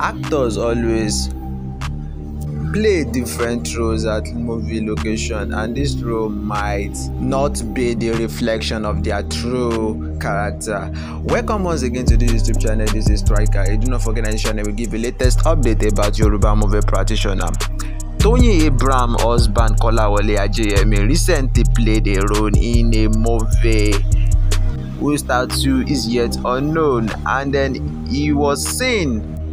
actors always play different roles at movie location and this role might not be the reflection of their true character welcome once again to this youtube channel this is striker hey, do not forget that this channel will give the latest update about yoruba movie practitioner Tony Abraham husband Kolawole Ajayemi recently played a role in a movie whose status is yet unknown and then he was seen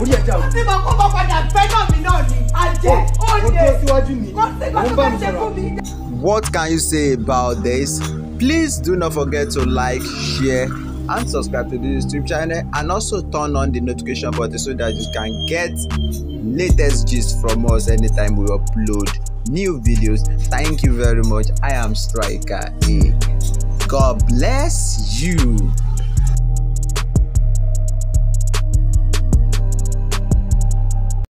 orí ẹja o. tí mo kó bọ́ padà fẹ́ràn mi náà ni àjẹ́ òde kò sí kó tó bá ṣe fún What can you say about this? Please do not forget to like, share, and subscribe to this YouTube channel and also turn on the notification button so that you can get latest gist from us anytime we upload new videos. Thank you very much. I am Striker A. God bless you.